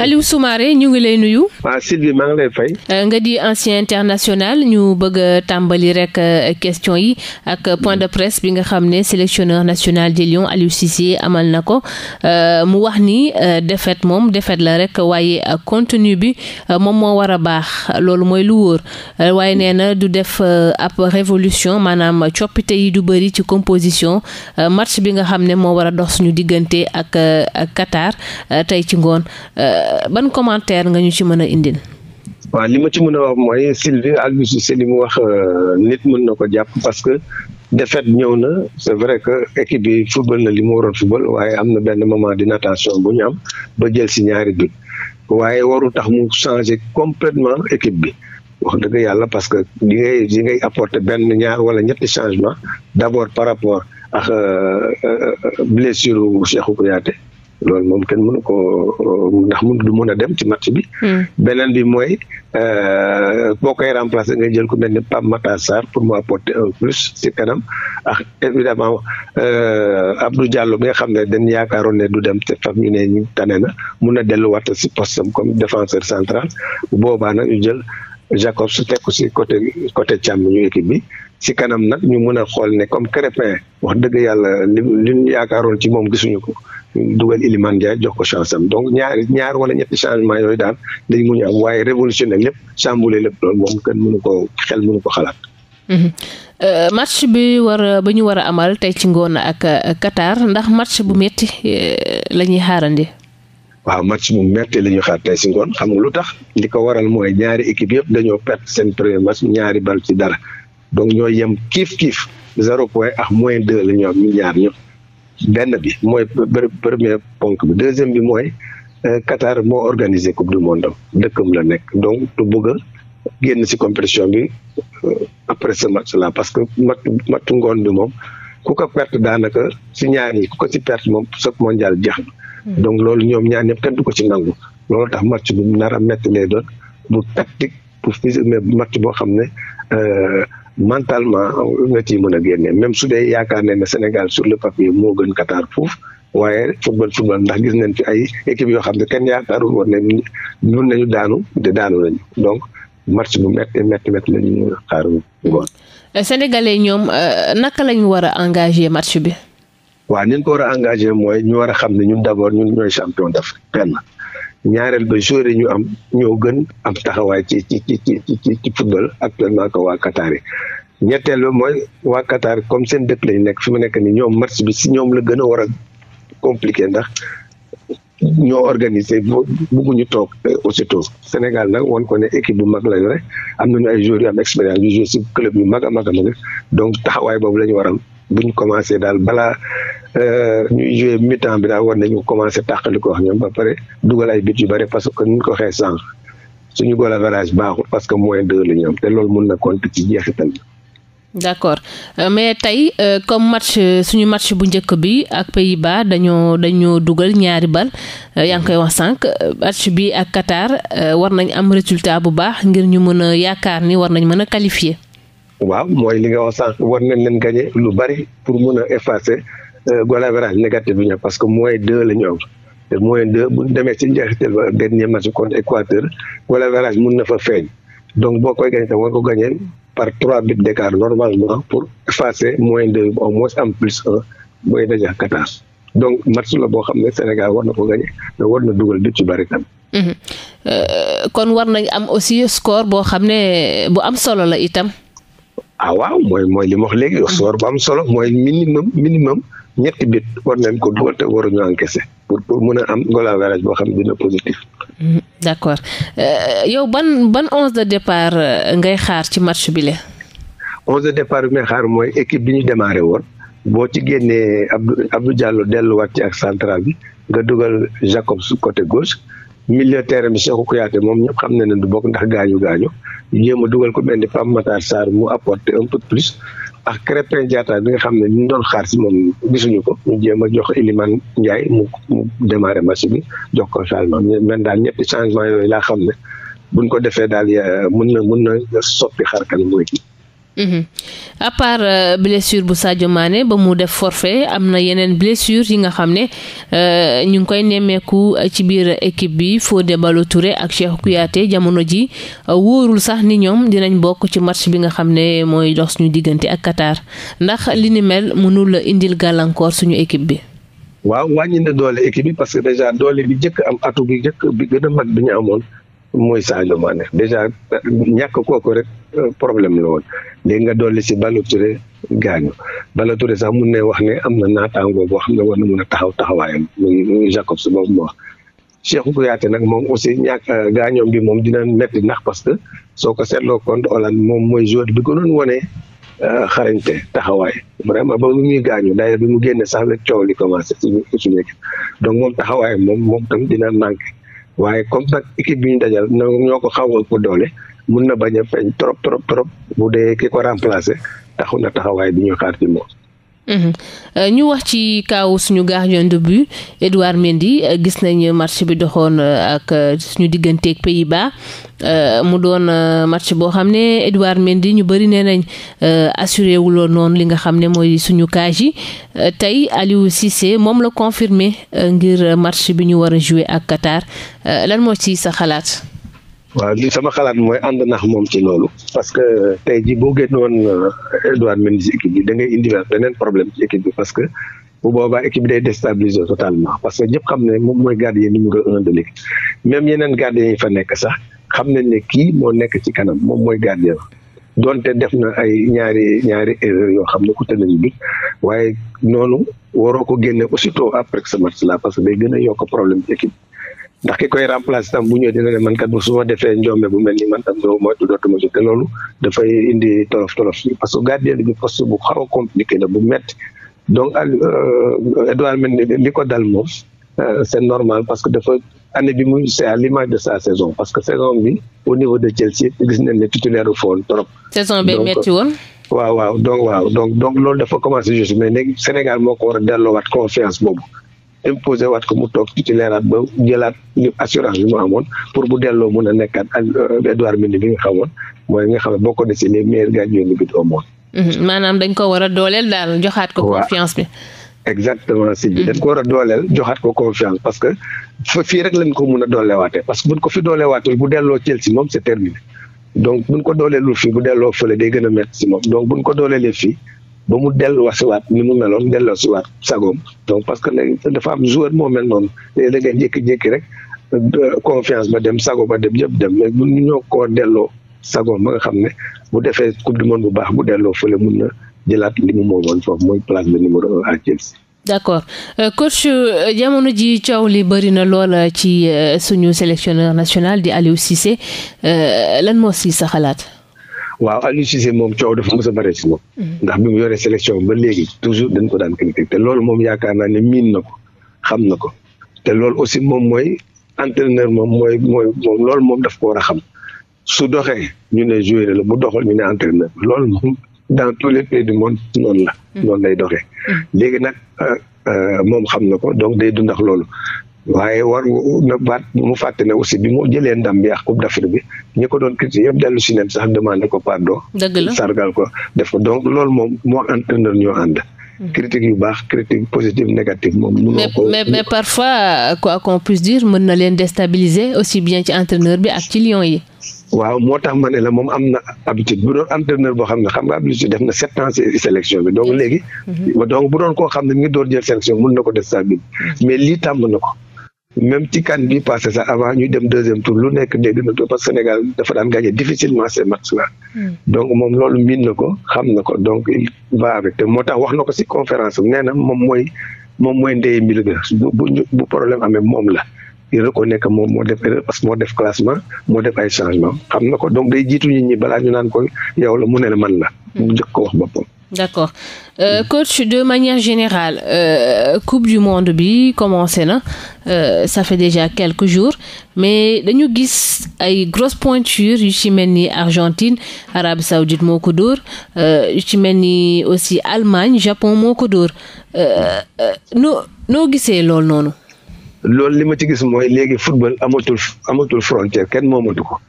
Aliou Soumaré ñu ngi lay nuyu. waaw ah, Sylvie maa ngi lay fay. Euh, nga di ancien international ñu bëgg tàmbali rek euh, question yi ak point de presse bi nga xam ne sélectionneur national de Lyon Aliou Cissé amal na ko euh, mu wax ni défaite moom défaite la rek waaye contenu bi moom moo war a baax loolu mooy lu wóor waaye nee na du def ab révolution maanaam coppite yi du bëri ci composition match bi nga xam ne moo war a dox suñu diggante ak Qatar tey ci ngoon. ban commentaire nga ñu ci mën a indil. waa li ma ci mën a wax mooy Sylvie Alboury Cissé li mu wax euh, nit mën na ko jàpp parce que défaite ñëw na c'est vrai que équipe bi football na li mu waroon football waaye am na benn moment d'inattention bu ñu am ba jël si ñaari but waaye waru tax mu changer completement équipe bi. wax dëgg yàlla parce que di ngay di ngay apporter benn ñaar wala ñetti changement d'abord par rapport ak euh, euh, blessure Cheikhou Kouyaté loolu moom kenn mënu ko ndax mun du mën a dem ci match bi. Hmm. beneen bi mooy euh, boo koy remplacer nga jël ku mel ni Pape Matar pour mu apporter un plus ci kanam a évidemment euh, Abdou Diallo bi nga xam ne dañ yaakaaroon ne du dem te faf ñu ne ñu tane na mun a delluwaat si postam comme défenseur central boobaa nag ñu jël Jacob su tek ko ci côté côté càmm ñu équipe ci kanam nag ñu mën a xool ne comme Crépin wax dëgg yàlla li li yaakaaroon ci moom gisuñu ko ñu dugal Iliman Ndiaye jox ko chance am donc ñaar ñaar wala ñetti changement yooyu daal dañ muñu am waaye révolutionné lépp chamboulé lépp loolu moom kenn mënu ko xel mënu ko xalaat mhm. euh, match bi war a ba ñu war a amal tey ci ngoon ak katar ndax match bu metti euh, la ñuy xaarandi waaw match bu metti la ñuy xaar tey si ngoon xam nga lu tax li ko waral mooy ñaari équipe yëpp dañoo perte seen premier match ñaari bal ci dara donc ñoo yem kiif kiif zéro point ak moins deux la ñu benn bi mooy premier ponk bi deuxième bi mooy euh, Qatar moo organisé coupe du monde am dëkkam la nekk donc du génn ci compétition bi euh, après ce match là parce que mat matu ngoon bi moom ku ko perte daanaka ci ñaar yi ku ko ci perte moom sot mondial jeex hmm. donc loolu ñoom ñaan ñëpp kenn du ko ci nangu loolu tax match bu nar a metti doon bu tactique bu match boo xam ne euh, mentalement na ci mën a génnee même su dee yaakaar ne ne Sénégal sur le papier moo gën Qatar foofu waaye football football ndax gis nañ fi ay équipe yoo xam ne kenn yaakaarul woon ne mën nañu daanu de daanu nañu donc match bu métti métti métti la ñuy xaar ngoon. Sénégalais ñoom euh, naka la ñu war a engagé match bi. waa ni ñu ko war a engagé mooy ñu war a xam ne ñun d' abord ñun ñooy champion d'Afrique benn. ñaareel ba joueurs yi ñu am ñoo gën am taxawaay ci ci ci ci ci football actuellement que waa Qatar yi ñetteel ba mooy waa Qatar comme seen dëkk lañu nekk fi mu nekk ni ñoom match bi si ñoom la gën a war a compliqué ndax ñoo organisé bu bugguñu toog aussitôt Sénégal nag woon ko ne équipe bu mag la yore am nañu ay joueurs yu am expérience yu joué si club yu mag a mag a donc taxawaay boobu la ñu war am bu daal balaa Euh, ñuy joué mi-temps bi war nañu commencé tàqali ko wax ñoom ba pare dugal ay parce que ni ñu ko waxee sànq suñu goal average baaxul parce que moins deux la ñoom loolu mun na compte ci jeexital bi. d'accord euh, mais tey euh, comme match suñu match bu njëkk bi ak Pays-Bas dañoo dañoo dugal ñaari bal yaa ngi koy wax sànq match bi ak Qatar war nañ am résultat bu baax ngir ñu mën a yaakaar ni war nañ mën a qualifier waaw mooy li nga wax sànq war nañ leen gagner lu bari pour mën a effacer goal euh, average négatif bi parce que moins deux la ñu am te moins deux bu demee ci njeexital ba dernier match contre Équateur goal mun na fa feeñ donc boo koy gagné tam war ko gagné par trois buts d'écart normalement pour effacer moins deux au la boo xam ne Sénégal war na ko gagné te war na dugal but ci bari tam. Mhm. Euh, kon war nañ am aussi score boo xam ne bu am solo la itam. ah waaw mooy mooy li ma wax léegi score bu am solo mooy minimum. ñetti bit war nañ ko dugal te waruñu encaissé pour pour mun a am goal average boo xam ne dina positif. Mm-hmm. d' accord euh, yow ban ban onze de départ euh, ngay xaar ci match bi la. onze de départ bi may xaar mooy équipe bi ñu démarré woon boo ci génnee Abdou Abdou Diallo delluwaat ci ak central bi nga dugal Jacob su côté gauche. milieu terrain bi Cheikhou Kouyaté moom ñëpp xam ne ne du bokk ndax gaañu gaañu jéem a dugal ko mel ni Pape Matar Sarr mu apporter un peu plus ak Krépin Diatta bi nga xam ne ñu doon xaar si moom gisuñu ko ñu jéem a jox Iliman Ndiaye mu mu démarré match bi jox ko changement man daal ñetti changement yooyu laa xam ne buñ ko defee daal euh, mën na mën na soppi xar kan mooy Mhm. à part euh, blessure bu Sadio Mané ba mu def forfait am na yeneen blessure yi nga xam ne euh, ñu ngi koy nemmeeku euh, ci biir équipe bi Fodé Ballo-Touré ak Cheikhou kuyaate jamono ji wóorul sax ni ñoom dinañ bokk ci match bi nga xam ne mooy dox suñu diggante ak Qatar ndax li ni mel mënul indil gàllankoor suñu équipe bi. waaw wàññi na doole équipe bi parce que déjà doole bi jëkk am atu bi njëkk bi gën a mag bi ñu amoon. mooy Sadio Mané déjà ñàkk kooku rek euh, problème la woon léegi nga dolli si Ballo Touré gaañu Ballo Touré sax mun ne wax ne am na naataangoo boo xam ne war na mun a taxaw taxawaayam muy muy Jacob su boobu moo wax. nag moom aussi ñàkk euh, gaañoom bi moom dina metti ndax parce que soo ko seetloo contre Hollande moom mooy joueur bi ko doon wone euh, xarañte taxawaay vraiment ba mu ñuy gaañu d'ailleurs bi mu génne sax la coow li commencé suñu suñu donc moom taxawaay moom moom tam dina manqué. waaye comme nag équipe bi ñu dajal ñoo ko xaw a ko doole mun na bañ a feeñ trop trop trop bu dee ki ko remplacer taxu na taxawaay bi ñu xaar ci moom. Mhm. Euh, ñu wax ci kaw suñu gardien de but Edouard Mendy euh, gis nañ match bi doxoon euh, ak suñu digganteeg Pays-Bas mu doon match boo xam ne Edouard Mendy ñu bëri nee nañ assuré wuloon noonu li nga xam ne mooy suñu kaaj yi tey Aliou Cissé moom la confirmé ngir match bi ñu war a jouer ak Qatar lan moo ci sa xalaat. waaw li sama xalaat mooy ànd nax moom ci loolu parce que tey ji boo génnewoon woon euh, Edouard Mendy ci da ngay indiwaat beneen problème ci équipe parce que bu boobaa équipe bi day déstabiliser totalement parce que ñëpp xam ne moom mooy gardien numéro un même yeneen gardien fa nekk sax xam nañ ne kii moo nekk ci kanam moom mooy gardien donte def na ay ñaari ñaari erreur yoo xam ne ku tënnañu bit waaye noonu waroo ko génne aussitôt après ce match là parce que day gën a yokk problème ci équipe ndax ki koy remplacer tam bu ñëwee dina ne man kat bu su ma defee njombe bu mel ni man tam doo moytu dootuma ci te loolu dafay indi tolof tolof parce que gardien bi poste bu xaw a compliqué la bu métti donc euh, Edouard Mendy li ko dal moom euh, c'est normal parce que dafa année bi muy c'est à l'image de sa saison parce que saison bi au niveau de Chelsea gis nañ ne titulaire u foon trop. saison bi métti woon. waaw waaw donc waaw donc donc loolu dafa commencé juste mais léegi Sénégal moo ko war a delloowaat confiance boobu. imposé waat ko mu toog titulaire ba jëlaat li assurance bi mu amoon pour bu delloo mun a nekkaat Edouard euh, Mendy bi nga xamoon mooy nga xam boo ko desee les meilleurs gardiens de but au monde. Mhm. maanaam dañ ko war a dooleel daal joxaat ko. confiance bi. exactement si bi mhm. dañ ko war a dooleel joxaat ko confiance parce que fii rek lañ ko mun a dooleewaatee parce que buñ ko fi dooleewaatul bu delloo Chelsea moom c'est ko dooleelul fii bu delloo fële day gën a métti si moom donc buñ ko dooleelee fii. ba mu delluwaat ni mu meloon delluwaat sagoom donc parce que léegi dafa am joueur moo mel noonu léegi da ngay jékki-jékki rek euh, confiance ba dem sago ba dem yëpp dem mais bu ñu ñoo koo delloo sagoom ba nga xam ne bu defee coupe du monde bu baax bu delloo fële mun na jëlaat li mu moomoon foofu mooy place de numéro un à Chelsea. d'accord euh, coach euh, jamono ji coow li bëri na lool ci suñu sélectionneur national di Aliou Cissé lan moo si sa xalaat. waaw Aliou Cissé moom coow dafa mos a bare si moom. Mm-hmm. ndax bi mu yoree sélection ba léegi toujours dañ ko daan critiquer te loolu moom yaakaar naa ne miin na ko xam na ko te loolu aussi moom mooy entraîneur moom mooy mooy moom lool moom daf ko war a xam su doxee ñu ne joueur la bu doxal ñu ne entraîneur loolu moom dans tous les pays du monde noonu la. Mm-hmm. noonu lay doxe mm-hmm. léegi nag euh, euh, moom xam na ko donc day dundax loolu waaye war na baat mu fàtte ne aussi bi mu jëlee ndam bi ak Coupe d'Afrique bi ñi ko doon critiquer yëpp dellu si leen sax demandé ko pardon. dëgg la sargal ko def ko donc hmm. yu baax critique positive négative moom. mënoo ko mais mais parfois quoi qu'on puisse yi. waaw moo tax ma ne la moom am na habitude bu doon entraîneur boo xam ne xam nga habitude def na sept ans bi donc léegi. Mm-hmm. donc bu doon koo xam ne mi ngi jël sélection mën na ko déstabiliser mm-hmm. mais lii tàmm na ko. même ci kan bi passé sax avant ñuy dem deuxième tour lu nekk dégg na ko parce Sénégal dafa daan gagné difficilement ces matchs là. Hmm. donc moom loolu miin na ko xam na ko donc il va te moo tax wax na ko si conférence am nee na moom mooy moom mooy ndey mbir ga bu bu problème amee moom la. il reconnaît que moom moo def erreur parce que moo def classement moo def ay changement xam na ko donc day jiitu nit ñi balaa ñu naan ko yow la mu ne la man la. Hmm. mu jëkk ko wax boppam. d'accord euh, coach de manière générale euh, coupe du monde bi commencé na euh, ça fait déjà quelques jours mais dañu gis ay grosses pointures yu ci mel ni Argentine Arabie Saoudite moo ko dóor euh, yu ci mel ni aussi Allemagne Japon moo ko dóor euh, euh, noo noo gisee loolu noonu. loolu li ma ci gis mooy léegi football amatul amatul frontière kenn moomatu ko.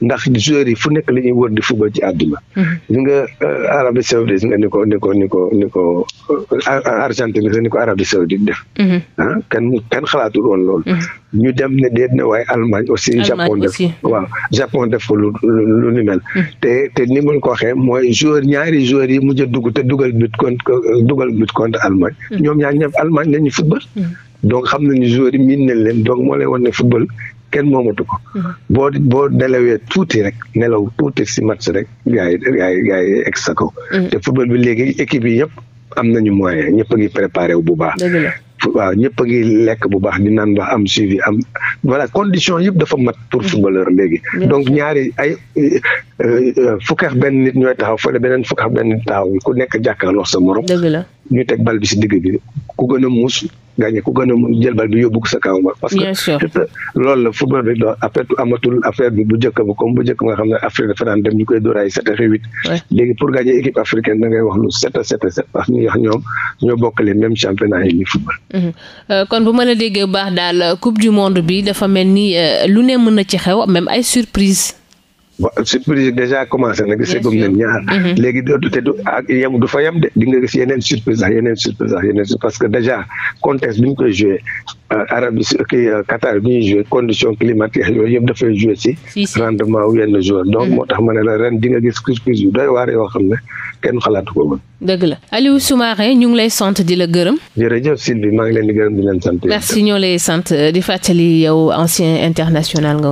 ndax joueurs yi fu nekk la ñuy di football ci àdduna. li mhm. nga euh, Arabie Saoudite nga ni ko ko ni ko ni ko euh, Argentine nga ni ko Arabie Saoudite def. Mhm. ah kan kan xalaatul woon loolu. Mhm. ñu dem ne déet na waaye Allemagne aussi. Japon def waaw Japon def ko lu lu ni mel. te te ni mu ko waxee mooy joueur ñaari joueurs yi mujj a dugg te dugal but contre dugal but contre Allemagne. ñoom ñaar ñëpp Allemagne la football. donc xam nañu joueurs yi miin nañ leen donc moo lay wan ne football kenn moomatu ko. Mhm. boo boo nelawee tuuti rek nelaw tuuti si match rek gaa yi gaa yi mhm. te football bi léegi équipe yi yëpp am nañu moyen ñëpp a wu bu baax. waaw ñëpp a ngi lekk bu baax di naan ba am suivi am voilà condition yëpp dafa mat pour mhm. footballeur léegi donc ñaari ay euh, euh, fukk ak benn nit ñooy taxaw fële beneen fukk benn nit taxaw ku nekk jàkkaarloo sa morom ñu teg bal bi si digg bi ku gën muus gagné ku gën a mun jël bal bi yóbbu ko sa kaw ma. parce que la football bi doon après amatul affaire bi bu njëkk ba comme bu njëkk nga xam ne Afrique dafa daan dem ñu koy dóor ay sept ak huit. léegi pour gagné équipe africaine da ngay wax lu sept ak sept ak sept parce que ñu ñoom ñoo bokk les mêmes championnat yi ni football. Mhm. Euh, kon bu ma la déggee baax daal coupe du monde bi dafa mel ni euh, lu ne mën na ci xew ay surprise surprise déjà commencé na gis comme nen ñaar mhm. léegi dootu te du ak ah, du fa yem de di nga gis yeneen surprise sax yeneen surprise parce que déjà contexte bi koy joué euh, Arabie kii euh, Qatar condition climatique yooyu dafay joué si rendement wu yenn joueur donc mhm. moo tax ma ne la ren di nga gis surprise yu doy waar yoo xam ne kenn xalaatu ko woon dëgg la Aliou Soumaré ñu ngi lay sant di la gërëm jërëjëf Sylvie maa ngi lay sant euh, di fàttali yow ancien international nga